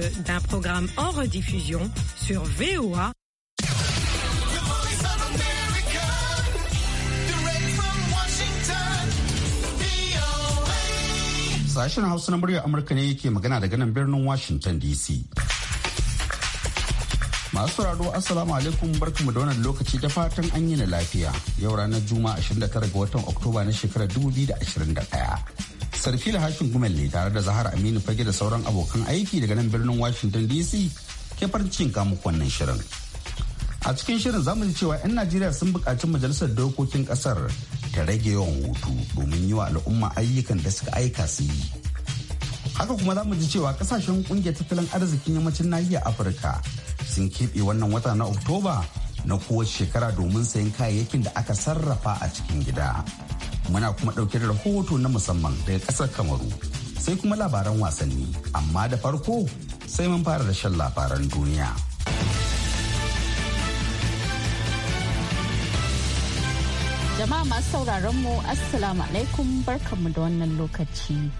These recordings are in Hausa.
suite d'un programme en rediffusion sur VOA. Sashen Hausa na muryar Amurka ne yake magana daga nan birnin Washington DC. Masu sauraro Assalamu alaikum barkamu da wannan lokaci da fatan an yi na lafiya. Yau ranar Juma'a 29 ga watan Oktoba na shekarar 2021. sarfila hashin gumel ne tare da zahar aminu fage da sauran abokan aiki daga nan birnin washington dc ke farin cikin wannan shirin a cikin shirin zamu ji cewa 'yan najeriya sun buƙaci majalisar dokokin ƙasar ta rage yawan hutu domin yi wa al'umma ayyukan da suka aika su yi haka kuma zamu ji cewa kasashen ƙungiyar tattalin arzikin yammacin nahiyar afirka sun keɓe wannan wata na oktoba na kowace shekara domin sayen kayayyakin da aka sarrafa a cikin gida muna kuma ɗauke da rahoto na musamman daga ƙasar kamaru sai kuma labaran wasanni amma da farko sai mun fara da shan labaran duniya jama'a masu sauraron mu assalamu alaikum barkanmu da wannan lokaci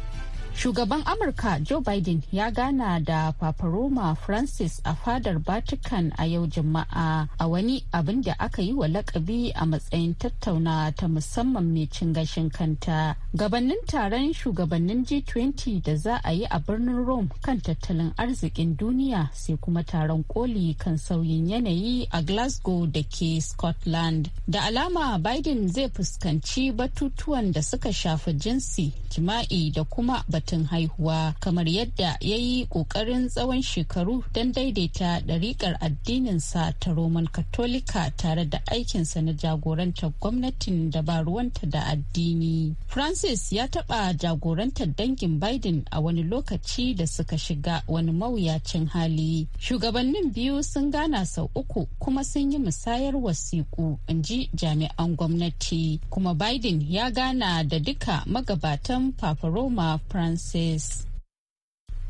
Shugaban Amurka Joe Biden ya gana da Paparoma Francis a fadar Vatican a yau Juma'a a wani abin da aka yi wa lakabi a matsayin tattauna ta musamman mai cin gashin kanta. Gabanin taron shugabannin G20 da za a yi a birnin Rome kan tattalin arzikin duniya sai kuma taron koli kan sauyin yanayi a Glasgow da ke Scotland. Da alama Biden zai fuskanci batutuwan da suka shafi jinsi, jima'i da kuma akwatin haihuwa kamar yadda ya yi kokarin tsawon shekaru don daidaita ɗariƙar addininsa ta roman katolika tare da aikinsa na jagorantar gwamnatin dabaruwanta da addini francis ya taɓa jagorantar dangin biden a wani lokaci da suka shiga wani mawuyacin hali shugabannin biyu sun gana sau uku kuma sun yi musayar wasiƙu in ji jami'an gwamnati kuma biden ya gana da duka magabatan papa roma says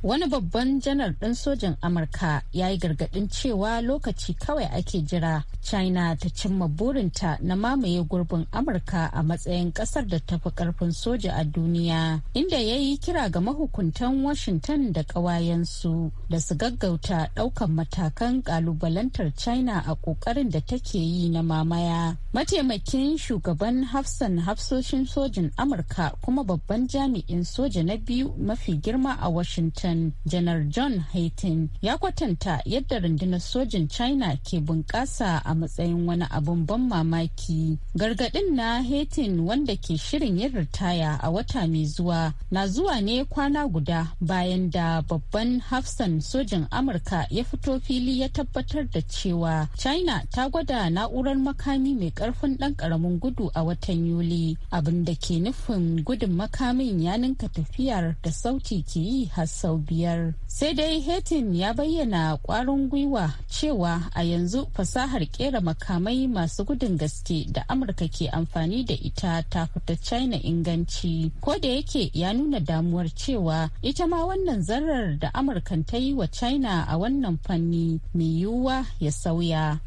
wani babban janar ɗin sojin amurka ya yi gargaɗin cewa lokaci kawai ake jira china ta cimma burinta na mamaye gurbin amurka a matsayin ƙasar da tafi ƙarfin soja a duniya inda ya yi kira ga mahukuntan washington da ƙawayensu da su gaggauta ɗaukan matakan ƙalubalantar china a ƙoƙarin da take yi na mamaya mataimakin shugaban hafsan hafsoshin sojin amurka kuma babban jami'in soja na biyu mafi girma a washington Japan janar John Haitin ya kwatanta yadda rundunar sojin China ke bunƙasa a matsayin wani abun ban mamaki. Gargaɗin na Haitin wanda ke shirin yin ritaya a wata mai zuwa na zuwa ne kwana guda bayan da babban hafsan sojin Amurka ya fito fili ya tabbatar da cewa China ta gwada na'urar makami mai ƙarfin ɗan karamin gudu a watan Yuli abin da ke nufin gudun makamin ya ninka tafiyar da sauti ke yi har sau biyar sai dai hetin ya bayyana kwarin gwiwa cewa a yanzu fasahar kera makamai masu gudun gaske da amurka ke amfani da ita ta fita china inganci ko da yake ya nuna damuwar cewa ita ma wannan zarar da amurkan ta yi wa china a wannan fanni mai yiwuwa ya sauya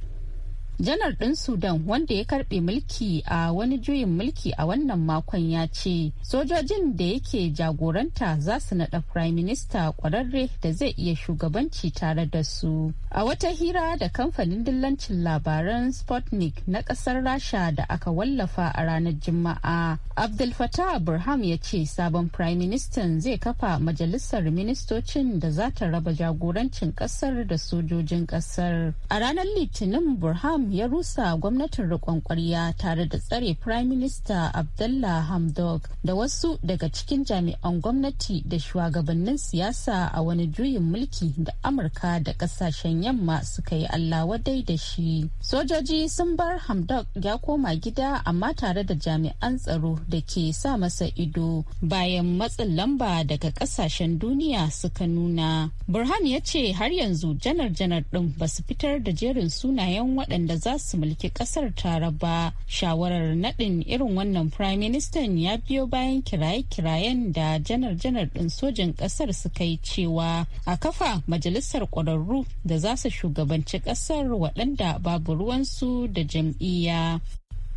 janar ɗin sudan wanda ya karɓe mulki a wani juyin mulki a wannan makon ya ce sojojin da yake jagoranta za su naɗa prime minister ƙwararre da zai iya shugabanci tare da su a wata hira da kamfanin dillancin labaran sputnik na ƙasar rasha da aka wallafa a ranar juma'a abdul fatah burham ya ce sabon prime minister zai kafa majalisar ministocin da za ta raba jagorancin ƙasar da sojojin ƙasar a ranar litinin burham ya rusa gwamnatin riƙon ƙwarya tare da tsare Prime Minister Abdullah Hamdok da wasu daga cikin jami'an gwamnati da shugabannin siyasa a wani juyin mulki da Amurka da kasashen yamma suka yi Allah wadai da shi. Sojoji sun bar Hamdok ya koma gida amma tare da jami'an tsaro da ke sa masa ido bayan matsin lamba daga kasashen duniya suka nuna. Burhan ya ce har yanzu janar-janar ɗin ba su fitar da jerin sunayen waɗanda za su mulki kasar tare ba shawarar nadin irin wannan prime minister ya biyo bayan kiraye-kirayen da janar-janar din sojin kasar suka yi cewa a kafa majalisar kwararru da za su shugabanci kasar waɗanda babu ruwansu da jam'iyya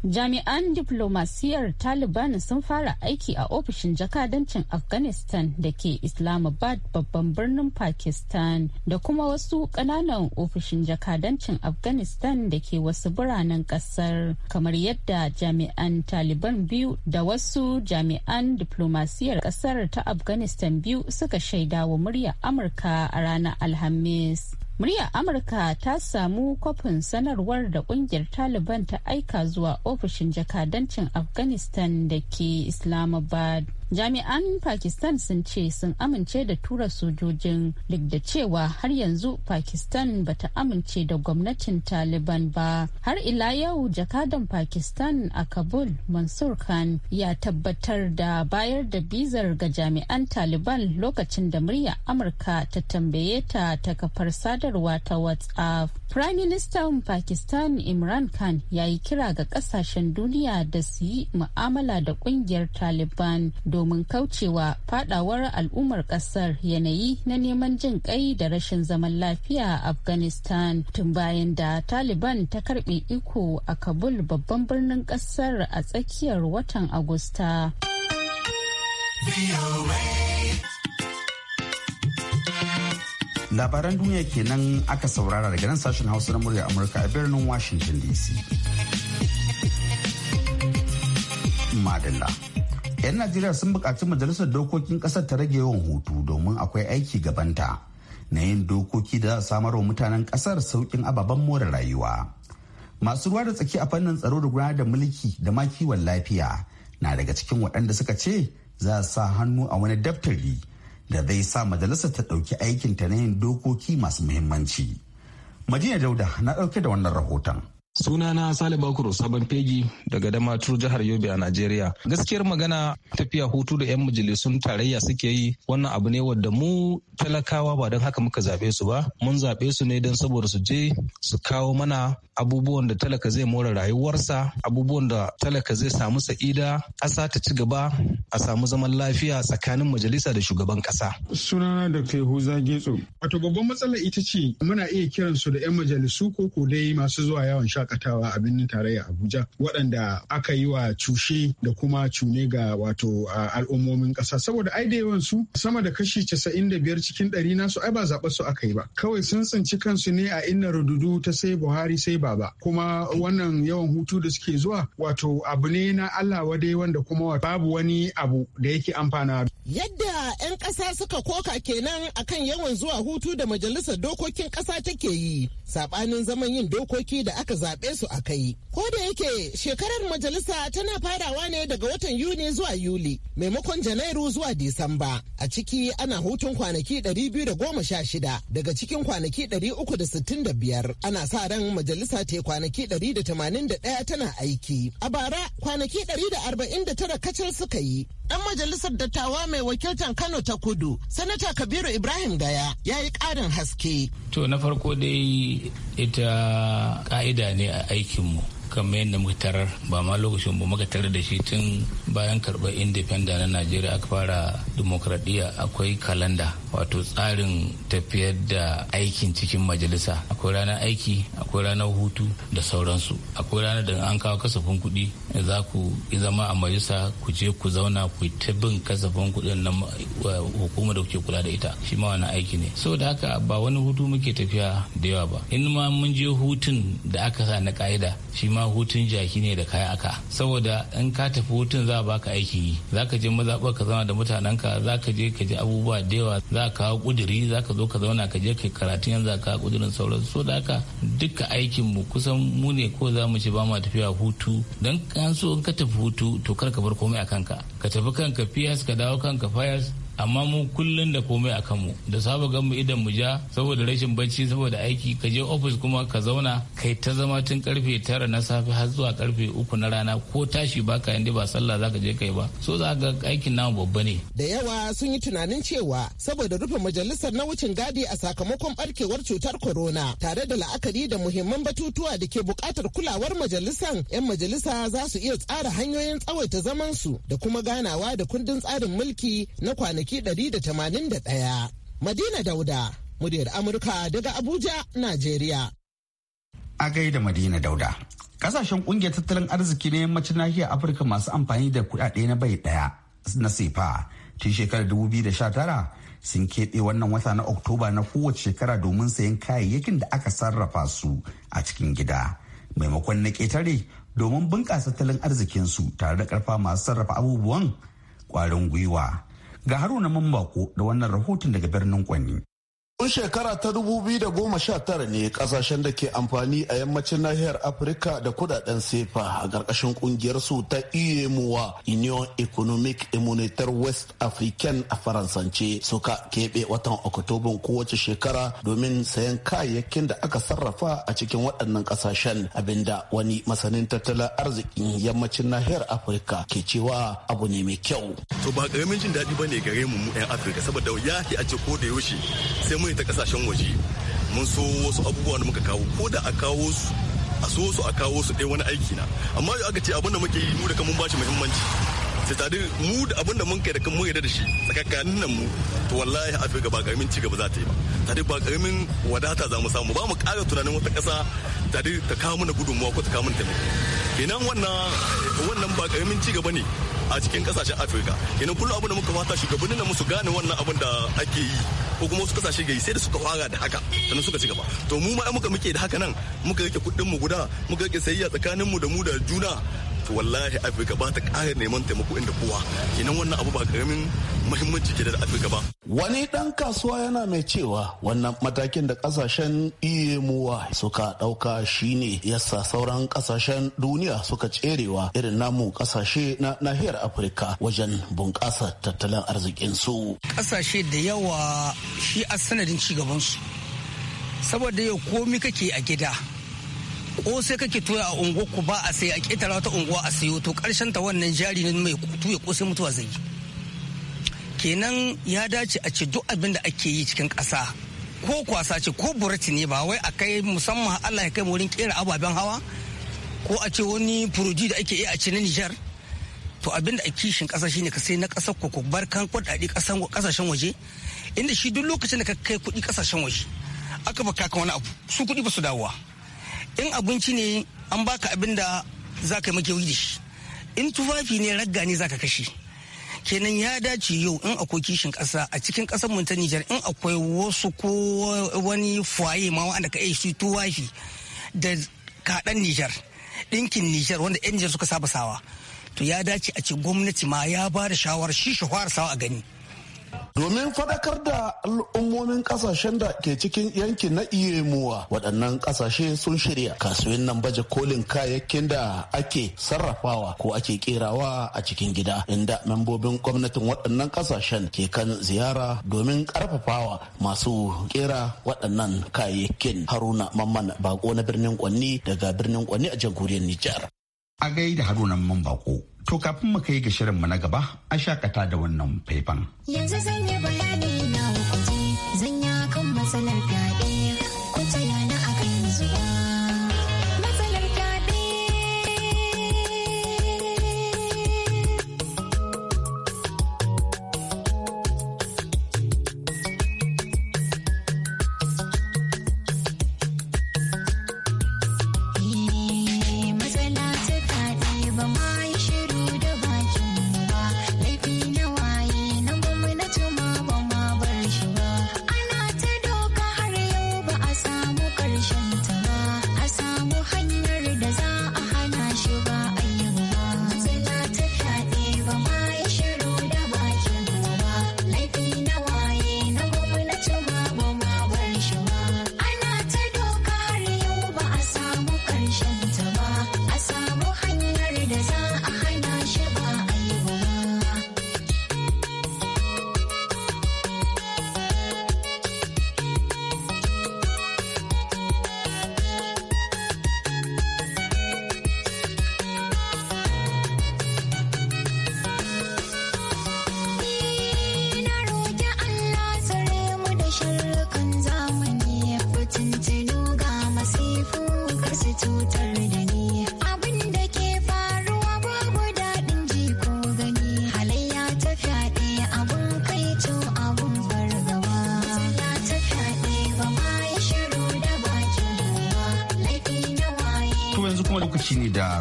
jami'an diplomasiyar taliban sun fara aiki a ofishin jakadancin afghanistan da ke islamabad babban birnin pakistan da kuma wasu kananan ofishin jakadancin afghanistan da ke wasu biranen kasar kamar yadda jami'an taliban biyu da wasu jami'an diplomasiyar kasar ta afghanistan biyu suka shaidawa murya amurka a ranar alhamis muryar amurka ta samu kwafin sanarwar da kungiyar taliban ta aika zuwa ofishin jakadancin afghanistan da ke islamabad jami'an pakistan sun ce sun amince da tura sojojin duk da cewa har yanzu pakistan ba ta amince da gwamnatin taliban ba har ila yau jakadan pakistan a kabul mansur khan ya tabbatar da bayar da bizar ga jami'an taliban lokacin da murya amurka ta tambaye ta ta kafar sadarwa ta whatsapp prime minister pakistan imran khan ya yi kira ga kasashen duniya da su yi mu'amala da kungiyar taliban domin kaucewa fadawar al'ummar kasar yanayi na neman jin kai da rashin zaman lafiya a afghanistan tun bayan da taliban ta karbe iko a kabul babban birnin kasar a tsakiyar watan agusta labaran duniya kenan aka saurara daga nan sashen hausa na murya amurka a birnin washington dc 'yan najeriya sun buƙaci majalisar dokokin ƙasar ta rage yawan hutu domin akwai aiki gabanta na yin dokoki da za samar wa mutanen ƙasar sauƙin ababen more rayuwa masu ruwa da tsaki a fannin tsaro da gudanar da mulki da ma kiwon lafiya na daga cikin waɗanda suka ce za sa hannu a wani daftari da zai sa majalisar ta ɗauki aikinta na yin dokoki masu muhimmanci. Madina Dauda na ɗauke da wannan rahoton. Sunana Sale Bakuru Sabon Fegi daga Damaturu jihar Yobe a Najeriya. Gaskiyar magana tafiya hutu da 'yan majalisun tarayya suke yi wannan abu ne wadda mu talakawa ba don haka muka zaɓe su ba. Mun zaɓe su ne don saboda su je su kawo mana abubuwan da talaka zai more rayuwarsa, abubuwan da talaka zai samu sa'ida, ƙasa ta ci gaba, a samu zaman lafiya tsakanin majalisa da shugaban ƙasa. Sunana da Yahuza Getso. Wato babban matsala ita ce muna iya kiransu da 'yan majalisu ko ko dai masu zuwa yawon sha shakatawa a birnin tarayya Abuja waɗanda aka yi wa cushe da kuma cune ga wato al'ummomin ƙasa saboda ai da yawan su sama da kashi casa'in da biyar cikin ɗari nasu ai ba zaɓe su aka yi ba kawai sun tsinci kansu ne a inna rududu ta sai Buhari sai baba kuma wannan yawan hutu da suke zuwa wato abu ne na Allah wadai wanda kuma babu wani abu da yake amfana yadda 'yan ƙasa suka koka kenan akan yawan zuwa hutu da majalisar dokokin ƙasa take yi saɓanin zaman yin dokoki da aka zaɓa zaɓe su a kai. Ko da yake shekarar majalisa tana farawa ne daga watan Yuni zuwa Yuli maimakon Janairu zuwa Disamba. A ciki ana hutun kwanaki da sha 216 daga cikin kwanaki biyar ana sa ran majalisa ta kwanaki 181 tana aiki. A bara kwanaki ɗari da arba'in tara kacal suka yi. Ɗan majalisar dattawa mai wakiltar Kano ta kudu, Sanata Kabiru Ibrahim Gaya ya yi ƙarin haske. To na farko dai ita ƙa'ida ne ne a aikinmu kamar yadda muka tarar ba ma lokacin ba muka tarar da shi tun bayan karɓar independent na najeriya aka fara demokradiyya akwai kalanda wato tsarin tafiyar da aikin cikin majalisa akwai ranar aiki akwai ranar hutu da sauransu akwai ranar da an kawo kasafin kuɗi za ku zama a majalisa ku je ku zauna ku ta bin kasafin kuɗin na hukumar da kuke kula da ita shi ma wani aiki ne saboda haka ba wani hutu muke tafiya da yawa ba in ma mun je hutun da aka sa na ka'ida shi ma ma hutun jaki ne da kaya aka saboda in ka tafi hutun za a baka aiki yi za ka je mazaɓar ka zama da mutanenka za ka je ka ji abubuwa da yawa za ka kawo ƙuduri za ka zo ka zauna ka je ka karatu yanzu za ka kudurin sauran so da haka duka aikin mu kusan mu ne ko za mu ci ba ma tafiya hutu dan an so in ka tafi hutu to kar ka bar komai a kanka ka tafi kanka fiyas ka dawo kanka fayas amma mu kullun da komai a kanmu da saba gan mu idan mu ja saboda rashin bacci saboda aiki ka je ofis kuma ka zauna kai ta zama tun karfe tara na safe har zuwa karfe uku na rana ko tashi baka yanda ba sallah zaka je kai ba so za ga aikin namu babba ne da yawa sun yi tunanin cewa saboda rufe majalisar na wucin gadi a sakamakon barkewar cutar corona tare da la'akari da muhimman batutuwa da ke bukatar kulawar majalisan 'yan majalisa za su iya tsara hanyoyin tsawaita zaman su da kuma ganawa da kundin tsarin mulki na kwanaki kwanaki 181. Madina Dauda, muryar Amurka daga Abuja, Najeriya. A gaida Madina Dauda. Kasashen kungiyar tattalin arziki na yammacin nahiyar Afirka masu amfani da kuɗaɗe na bai ɗaya na sefa tun shekarar 2019 sun keɓe wannan wata na Oktoba na kowace shekara domin sayan kayayyakin da aka sarrafa su a cikin gida. Maimakon na ƙetare domin bunƙasa tattalin arzikinsu tare da ƙarfa masu sarrafa abubuwan ƙwarin gwiwa. Ga Haruna bako da wannan rahoton daga birnin Kwani. Tun shekara ta 2019 ne kasashen da ke amfani a yammacin nahiyar Afirka da kudaden sefa a ƙarƙashin kungiyar su ta EMOA Union Economic Immunitar West African a Faransance suka keɓe watan Oktoban kowace shekara domin sayan kayayyakin da aka sarrafa a cikin waɗannan kasashen abinda wani masanin tattalin arzikin yammacin nahiyar Afirka ke cewa abu ne mai kyau. To ba ƙaramin jin daɗi ba ne gare mu 'yan Afirka saboda ya a ko da yaushe sai mu koyi ta kasashen waje mun so wasu abubuwa da muka kawo ko da a kawo su a so su a kawo su ɗaya wani aiki na amma aka ce abin da muke yi mu da kan bashi muhimmanci ta tare mu da abin da mun kai da kan mu yadda da shi tsakakanin nan mu to wallahi afirka ba karamin ci gaba za ta yi ba tare ba karamin wadata za mu samu ba mu ƙara tunanin wata ƙasa tare ta kawo mana gudunmuwa ko ta kawo mana taimako kenan wannan wannan ba karamin ci gaba ne a cikin kasashen afirka kenan kullum abin da muka fata shugabannin mu su gane wannan abin da ake yi ko kuma wasu kasashe gari sai da suka fara da haka sannan suka ci gaba to mu ma muka muke da haka nan muka rike kuɗin mu guda muka rike sayayya tsakanin mu da mu da juna to wallahi afirka ba ta ƙara neman taimako inda kowa idan wannan abu ba karamin muhimmanci ke da afirka ba wani dan kasuwa yana mai cewa wannan matakin da kasashen iyemuwa e suka dauka shine yasa sauran kasashen duniya suka cerewa irin namu kasashe na nahiyar afirka wajen bunƙasa tattalin arzikin su kasashe da yawa shi a sanadin cigabansu saboda yau komi kake a gida ko sai kake tuya a unguwa ku ba a sai a ƙetara wata unguwa a sayo to ƙarshen ta wannan jari ne mai tuya ko sai mutuwa zai yi kenan ya dace a ce duk abin da ake yi cikin ƙasa ko kwasa ce ko burati ne ba wai a kai musamman Allah ya kai wurin kera ababen hawa ko a ce wani furuji da ake yi a ce na Nijar to abin da a kishin ƙasa shine ka sai na ƙasar ku ku bar kan kuɗaɗe ƙasashen waje inda shi duk lokacin da ka kai kuɗi ƙasashen waje aka baka ka wani abu su kuɗi ba su dawowa in abinci ne an baka abin da za ka makewi da shi in tufafi ne ragga ne za ka kashe kenan ya dace yau in akwai kishin kasa a cikin kasar mu ta Nijar in akwai wasu ko wani fuwaye ma wanda ka yi shi tuwafi da kaɗan Nijar ɗinkin Nijar wanda 'yan Nijar suka saba sawa to ya dace a ce gwamnati ma ya ba da shawarar shi shawar sawa a gani domin fadakar da al'ummomin kasashen da ke cikin yanki na iyemuwa waɗannan kasashe sun shirya kasuwan nan baje kolin kayayyakin da ake sarrafawa ko ake kerawa a cikin gida inda membobin gwamnatin waɗannan kasashen ke kan ziyara domin ƙarfafawa masu kera waɗannan kayayyakin haruna mamman bako na birnin kwanni daga birnin kwanni a jamhuriyar nijar a gaida haruna mamman bako To kafin mu kai ga mu na gaba a shakata da wannan faifan. Yanzu zan yi bayani na hukunci zan yi kan matsalar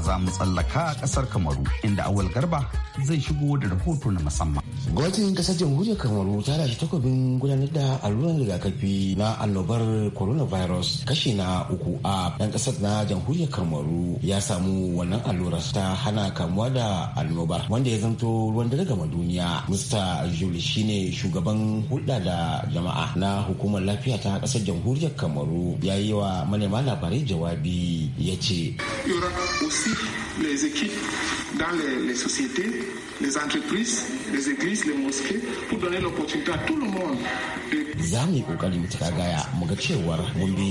za mu tsallaka ƙasar kamaru inda awal garba zai shigo da rahoto na musamman gwamnatin kasar jamhuriyar kamaru ta lashe takobin gudanar da alluran rigakafi na annobar coronavirus kashi na uku a dan kasar na jamhuriyar kamaru ya samu wannan allurar ta hana kamuwa da annobar wanda ya zanto ruwan dare gama duniya mr juli shine shugaban hulɗa da jama'a na hukumar lafiya ta kasar jamhuriyar kamaru ya yi wa manema labarai jawabi ya ce les équipes dans les, sociétés, les entreprises, les églises, les mosquées, pour donner l'opportunité à tout le monde de za mu yi kokari mu tuka gaya mu ga cewar mun bi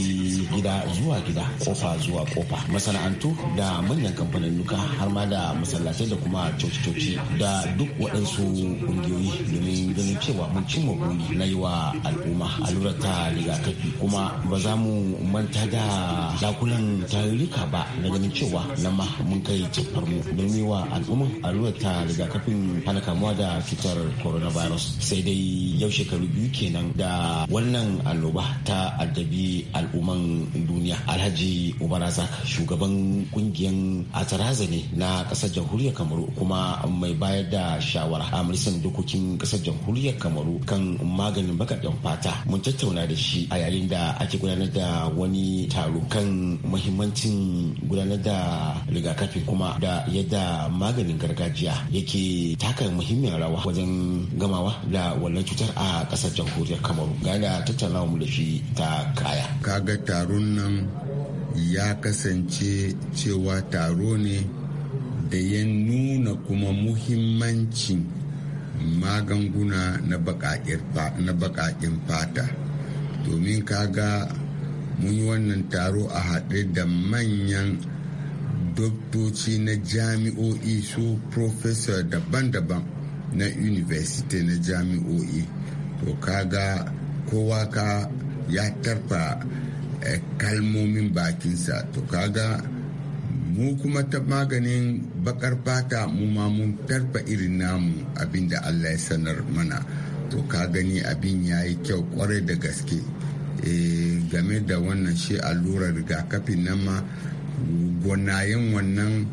gida zuwa gida kofa zuwa kofa masana'antu da manyan kamfanin nuka har ma da masallatai da kuma coci-coci da duk waɗansu ƙungiyoyi domin ganin cewa mun ma buri na yi wa al'umma allurar ta rigakafi kuma ba za mu manta da dakunan tarurruka ba na ganin cewa nan ma mun kai cefar mu don yi wa al'umma allurar ta rigakafin hana kamuwa da cutar coronavirus sai dai yau shekaru biyu kenan da wannan annoba ta addabi al'umman duniya alhaji ubaraza shugaban kungiyan ataraza ne na kasar jamhuriyar kamaru kuma mai bayar da shawara a majalisar dokokin kasar jamhuriyar kamaru kan maganin bakaɗen fata mun tattauna da shi a yayin da ake gudanar da wani taro kan mahimmancin gudanar da rigakafi kuma da yadda maganin gargajiya yake taka muhimmiyar rawa wajen gamawa da wannan cutar a kasar jamhuriyar kamaru gada tattauna mu da shi ta kaya kaga taron nan ya kasance cewa taro ne da ya nuna kuma muhimmancin maganguna na bakakin fata domin kaga mun yi wannan taro a haɗe da manyan doktoci na jami'o'i su professor daban-daban na university na jami'o'i to kaga kowa ka ya tarfa eh, kalmomin bakinsa to kaga mu kuma ta maganin bakar fata mu ma mun tarfa irin namu abinda Allah ya sanar mana to ka gani abin ya yi kyau kwarai da gaske eh, game da wannan shi allurar rigakafin nan ma gwanayen wannan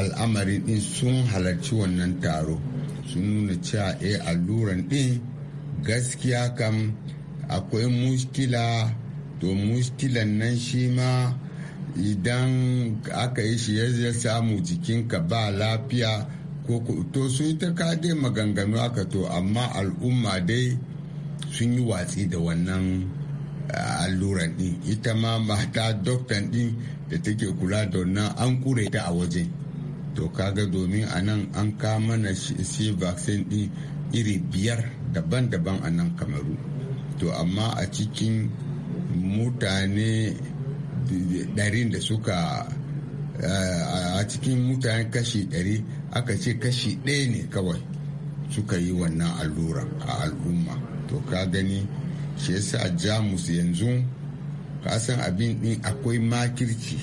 al'amarin din sun halarci wannan taro sun nuna cewa a eh, alluran din gaskiya kam akwai muskila to muskilan nan shi ma idan aka yi shi ya samu jikinka ba lafiya ko to su yi ta kade maganganu aka to amma al'umma dai sun yi watsi da wannan alluran din ita ma mata doktan din da take kula da wannan an kure ta a waje to kaga domin anan an kama na shi vaccine din iri biyar daban-daban a nan kamaru to amma a cikin mutane ɗarin da suka eh, a cikin mutane kashi ɗari aka ce kashi ɗaya ne kawai suka yi wannan allura a al'umma to ka gani shi yasa sa jamus yanzu ka san abin ɗin akwai makirci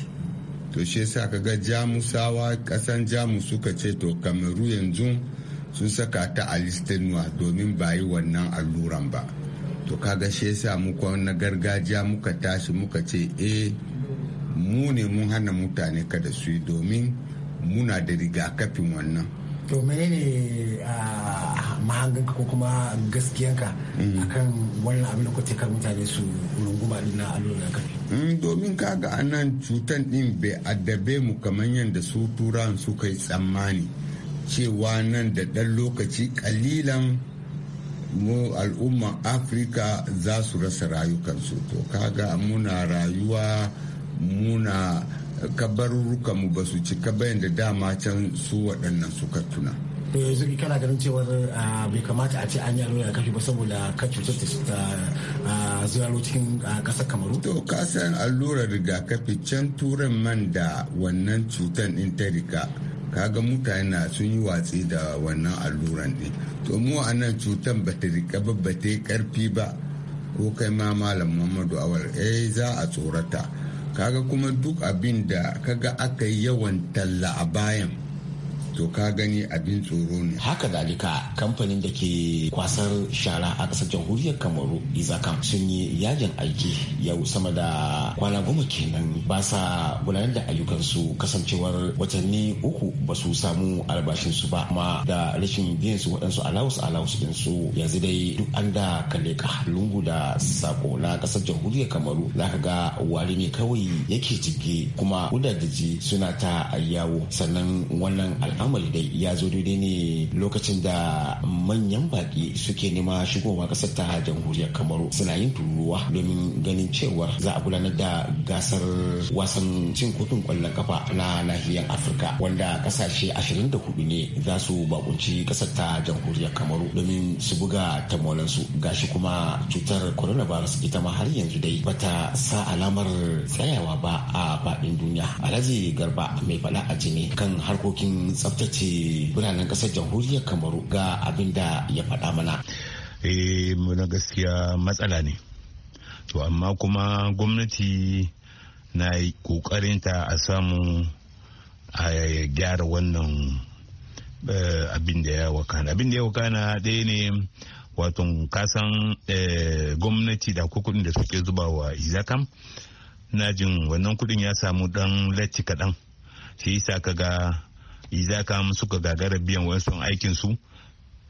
to shi yasa kaga jamusawa ƙasan jamus suka ce to kamaru yanzu sun saka ta a listin domin ba yi wannan alluran ba to kaga shi yasa muka na gargajiya muka tashi muka ce eh mu ne mun hana mutane kada su yi domin muna da rigakafin wannan to menene a mahanganka ko kuma gaskiyanka mm. akan wannan abin da kuke kan mutane su runguma din na alluran mm, ka. domin kaga anan cutan din bai addabe mu kamar yadda su turan suka yi tsammani cewa nan da ɗan lokaci ƙalilan mu al'umman afirka za su rasa rayukansu to kaga muna rayuwa muna kabarurruka mu ba su cika bayan da dama can su waɗannan suka tuna to yanzu kana ganin cewar bai kamata a ce an yi alwaya kafi ba saboda ka cutar ta ziyaro cikin ƙasar kamaru to ka san allurar rigakafi can turan man da wannan cutar in ta rika kaga mutane na sun yi watsi da wannan alluran ɗin to mu a nan cutan ba ta rika ba ba ta yi karfi ba ko kai ma malam muhammadu awal eh za a tsorata ka ga kuma duk abin da kaga aka yi yawan talla a bayan to ka gani abin tsoro ne haka dalika kamfanin da ke kwasar shara a ƙasar jamhuriyar kamaru izakam sun yi yajin aiki yau sama da kwana goma kenan ba sa gudanar da ayyukansu kasancewar watanni uku ba su samu albashinsu ba amma da rashin biyan su waɗansu alawus alawus din su yanzu dai duk an da kalle lungu da sako na ƙasar jamhuriyar kamaru za ka ga wari ne kawai yake jige kuma kudaje suna ta yawo sannan wannan al'amari amal dai ya zo daidai ne lokacin da manyan baki suke nema shigowa kasar ta jamhuriyar kamaru suna yin turuwa domin ganin cewar za a gudanar da gasar wasan cin kofin kwallon kafa na nahiyar afirka wanda kasashe 24 ne za su bakunci kasar ta jamhuriyar kamaru domin su buga tamolansu gashi kuma cutar coronavirus ita ma har yanzu dai bata sa alamar tsayawa ba a faɗin duniya alhaji garba mai faɗa a jini kan harkokin tsaro tsaftace biranen kasar jamhuriyar kamaru ga abin da ya faɗa mana e na gaskiya matsala ne to amma kuma gwamnati na yi ta a samu a gyara wannan eh, abin da ya wakana abin da ya wakana ɗaya ne wato kasan eh, gwamnati da kuɗin da suke zuba wa izakam na jin wannan kuɗin ya samu ɗan latti kaɗan shi yasa ga. Iza musu suka gagara biyan wasu aikin su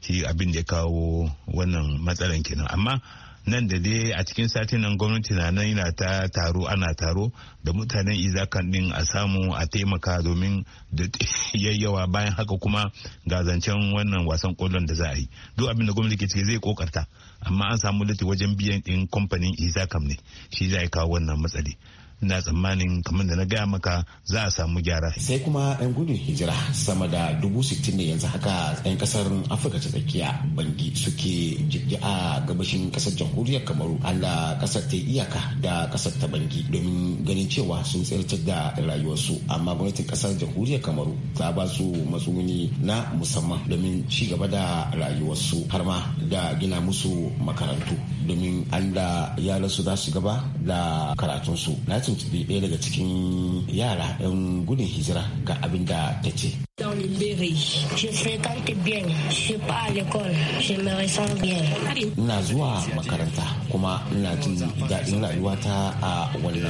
shi abin da ya kawo wannan matsalan kenan amma nan da dai a cikin satin nan gwamnati na nan yana ta taro ana taro da mutanen izakan din a samu a taimaka domin da yayyawa bayan haka kuma ga zancen wannan wasan kwallon da za a yi duk abin da gwamnati ke ciki zai kokarta amma an samu lati wajen biyan din kamfanin kam ne shi zai kawo wannan matsali ina tsammanin kamar da na gaya maka za a samu gyara. Sai kuma 'yan gudun hijira sama da dubu sittin ne yanzu haka 'yan kasar Afirka ta tsakiya bangi suke jirgi a gabashin kasar jamhuriyar Kamaru Allah kasar ta iyaka da kasar ta bangi domin ganin cewa sun tsirtar da rayuwarsu amma gwamnatin kasar jamhuriyar Kamaru ta ba su matsuguni na musamman domin ci gaba da rayuwarsu har ma da gina musu makarantu domin Allah ya rasu za su gaba da karatunsu. Na ce Masud ɗaya daga cikin yara 'yan gudun hijira ga abin da ta ce. Dans le Berry, je fréquente bien, je suis pas à l'école, je me ressens bien. Ina makaranta kuma ina jin daɗin rayuwata a wannan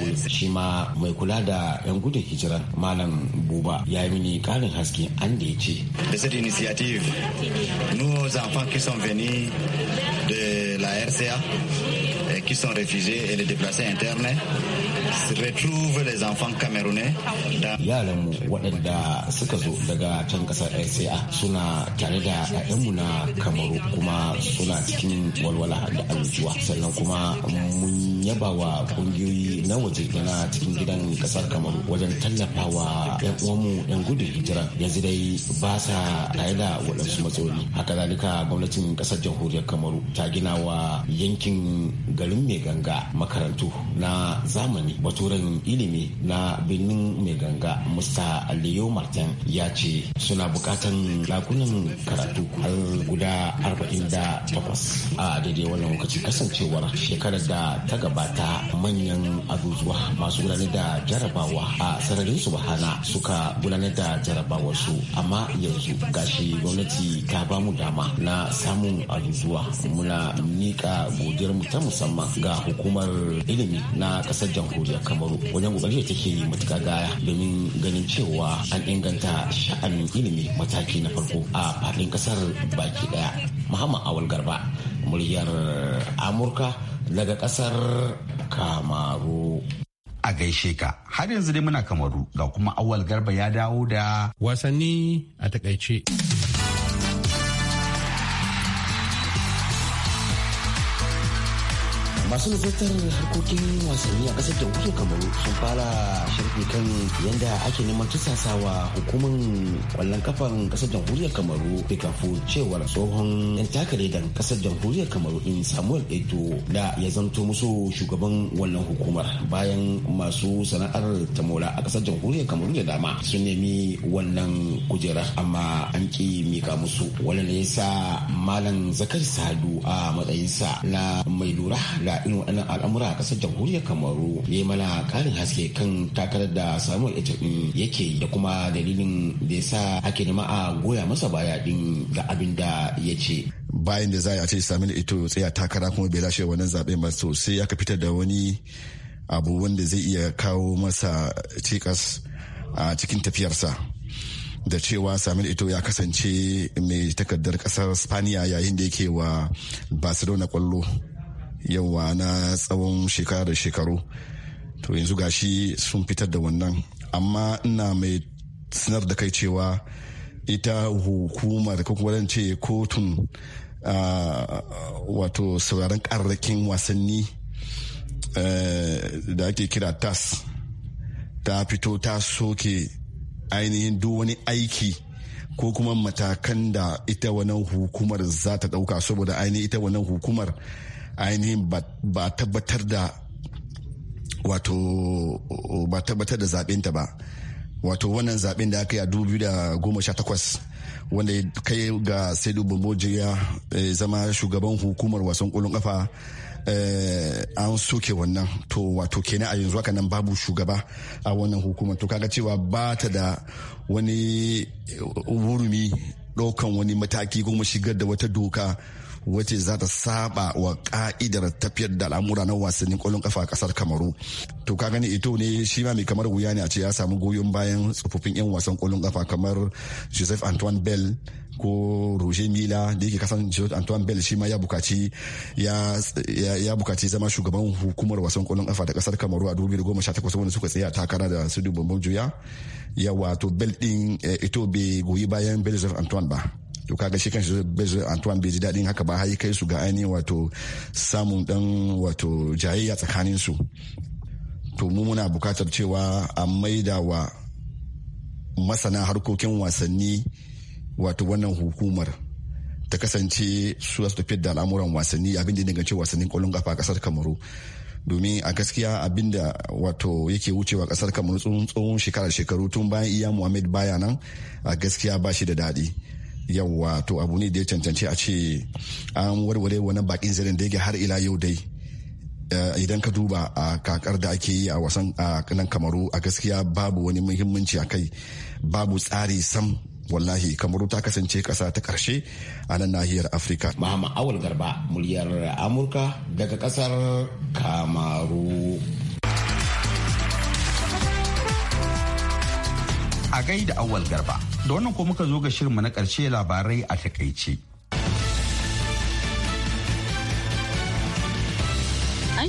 wuri. Shi ma mai kula da 'yan gudun hijira Malam Buba ya yi mini ƙarin haske an da ya ce. De cette initiative, nous enfants qui sont venus de la RCA, et qui sont réfugiés et les déplacés internes retrouvent les enfants camerounais. dans suka zo daga can kasar sca suna tare da 'ya'yanmu na kamaru kuma suna cikin walwala da aljuwa sannan kuma mun yi. yaba wa kungiyoyi na waje na cikin gidan kasar kamaru wajen tallafa wa yan uwanmu yan gudun hijira yanzu dai ba sa tare da waɗansu matsaloli haka zalika gwamnatin kasar jamhuriyar kamaru ta gina wa yankin garin mai ganga makarantu na zamani baturen ilimi na birnin mai ganga musta aliyu martin ya ce suna bukatan lakunan karatu har guda 48 a daidai wannan lokaci kasancewar shekarar da ta gaba gabata manyan azuzuwa masu gudanar da jarabawa a sararin su bahana suka gudanar da su amma yanzu gashi gwamnati ta bamu dama na samun abubuwa muna miƙa godiyar mu ta musamman ga hukumar ilimi na ƙasar jamhuriyar kamaru wajen kokarin da take yi matuka gaya domin ganin cewa an inganta sha'anin ilimi mataki na farko a faɗin ƙasar baki ɗaya muhammad awal garba muryar amurka daga kasar kamaru a gaishe ka har yanzu dai muna kamaru ga kuma awal garba ya dawo da wasanni a takaice. masu nazartar harkokin wasanni a kasar jamhuriyar kamaru sun fara sharfi kan yadda ake neman wa? hukumar kwallon kafan kasar jamhuriyar kamaru bikafu cewar tsohon yan takaridan kasar jamhuriyar kamaru in samuel eto da ya zanto musu shugaban wannan hukumar bayan masu sana'ar ta tamola a kasar jamhuriyar kamaru da dama sun nemi wannan kujera amma an ki mika musu wannan ne sa malam zakari sadu a matsayinsa na mai lura da irin waɗannan al'amura a ƙasar jamhuriyar kamaru ne mana ƙarin haske kan takarar da samuel ita ɗin yake da kuma dalilin da ya sa ake nema a goya masa baya ɗin ga abin da ya ce bayan da za a ce samuel ito tsaya takara kuma bai lashe wannan zaɓe ba sosai aka fitar da wani abu wanda zai iya kawo masa cikas a cikin tafiyarsa da cewa samuel ito ya kasance mai takardar kasar spaniya yayin da yake wa barcelona kwallo yau na tsawon shekara da shekaru to yanzu gashi sun fitar da wannan amma ina mai sanar da kai cewa ita hukumar ko kuma ce kotun wato sauraron ƙararrakin wasanni eh, da ake kira tas ta fito ta soke ainihin duk wani aiki ko kuma matakan da ita wannan hukumar za ta dauka saboda ainihin ita wannan hukumar ainihin ba tabbatar da wato ba tabbatar da ta ba wato wannan zaɓen da aka yi a 2018 wanda ya kai ga saidu bambo ya eh, zama shugaban hukumar wasan ƙulun ƙafa eh, an soke wannan to wato kenan a yanzu haka nan babu shugaba a wannan hukumar to kaga cewa ba ta da wani wurumi ɗaukan wani mataki kuma shigar da wata doka wacce za ta saba wa ka'idar tafiyar da al'amura na wasannin kwallon kafa a kasar kamaru to ka gani ito ne shi ma mai kamar wuya ne a ce ya samu goyon bayan tsofaffin 'yan wasan kwallon kafa kamar joseph antoine bell ko roger mila da yake kasan Joseph antoine bell shi ma ya bukaci zama shugaban hukumar wasan kwallon kafa da kasar kamaru a 2018 wanda suka tsaya takara da sudu bambam juya ya wato bell din eh, ito bai goyi bayan bell joseph antoine ba to kaga shi kanshi antoine bai ji daɗin haka ba hayi kai su ga ainihin wato samun dan wato jayayya tsakanin su to mu muna bukatar cewa a maida wa masana harkokin wasanni wato wannan hukumar ta kasance su su tafiyar da al'amuran wasanni abin da dangance wasannin kwallon kafa a kasar kamaru domin a gaskiya abin da wato yake wucewa kasar kamaru tsohon shekara shekaru tun bayan iya muhammad baya nan a gaskiya ba shi da daɗi yawwa to abu ne da ya cancanci a ce an warware wani bakin zirin da yake har ila yau dai eh, idan ka duba a kakar da ake yi a wasan a kanan kamaru a gaskiya babu wani muhimmanci a kai babu tsari sam wallahi kamaru ta kasance kasa ta karshe a nan nahiyar afirka mahama awal garba muryar amurka daga kasar kamaru a gaida awal garba da wannan ko muka zo ga shirinmu na ƙarshe labarai a takaice.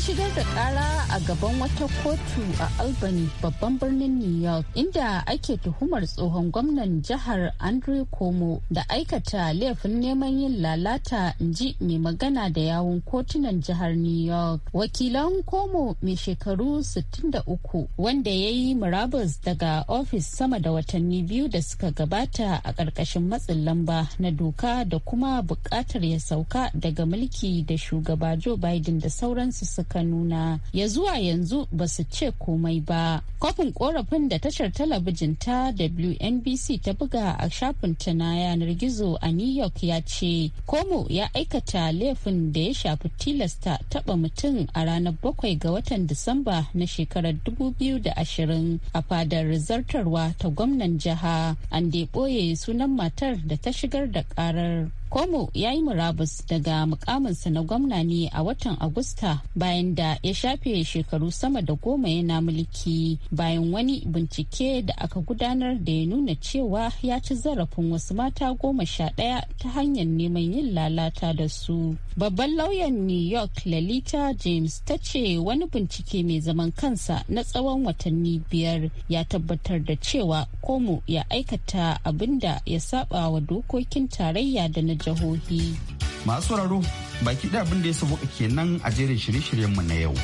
shigar da kara a gaban wata kotu a albany babban birnin new york inda ake tuhumar tsohon gwamnan jihar andre komo da aikata laifin neman yin lalata ji mai magana da yawun kotunan jihar new york wakilan komo mai shekaru 63 wanda ya yi murabus daga ofis sama da watanni biyu da suka gabata a ƙarƙashin matsin lamba na doka da kuma bukatar ya sauka daga mulki da shugaba joe biden da sauransu suka suka nuna ya zuwa yanzu ba su ce komai ba kofin korafin da tashar talabijin ta wnbc ta buga a shafin ta na yanar gizo a new york ya ce komo ya aikata laifin da ya shafi tilasta taba mutum a ranar bakwai ga watan disamba na shekarar dubu biyu da ashirin a fadar zartarwa ta gwamnan jiha an da ɓoye sunan matar da ta shigar da karar Komo ya yi murabus daga mukaminsa na gwamna ne a watan Agusta bayan da ya shafe shekaru sama da goma yana mulki bayan wani bincike da aka gudanar da ya nuna cewa ya ci zarafin wasu mata goma sha ɗaya ta hanyar neman yin lalata da su. Babban lauyan New York Lalita James ta ce wani bincike mai zaman kansa na tsawon watanni biyar ya tabbatar da cewa Komo ya aikata abinda ya saba wa dokokin tarayya da na jihohi. Masu sauraro baki da abin da ya sabuka kenan a jerin shirye-shiryenmu na yau.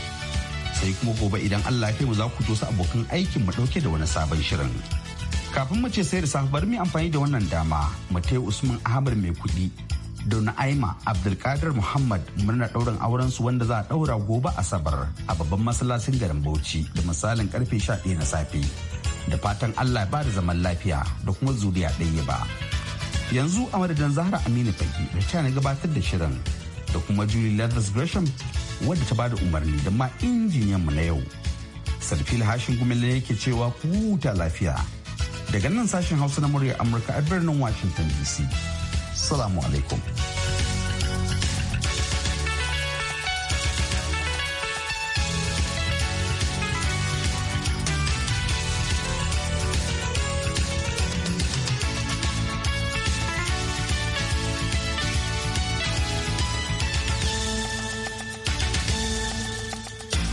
Sai kuma gobe idan Allah ya mu za ku dosa abokan aikin mu dauke da wani sabon shirin. Kafin mu ce sai da safe bari mu amfani da wannan dama mu taya Usman Ahmad mai kudi. da Aima Abdulkadir Muhammad murna ɗaurin auren su wanda za a ɗaura gobe Asabar a babban masallacin garin Bauchi da misalin karfe 11 na safe. Da fatan Allah ba da zaman lafiya da kuma zuriya ɗaya ba. yanzu a madadin zahra aminu fagi da ta na gabatar da shirin da kuma julie ladders gresham wadda ta bada umarni da ma injiniyan mu na yau sarfil hashin gumelle yake cewa ku huta lafiya daga nan sashen hausa na muryar amurka a birnin washington dc salamu alaikum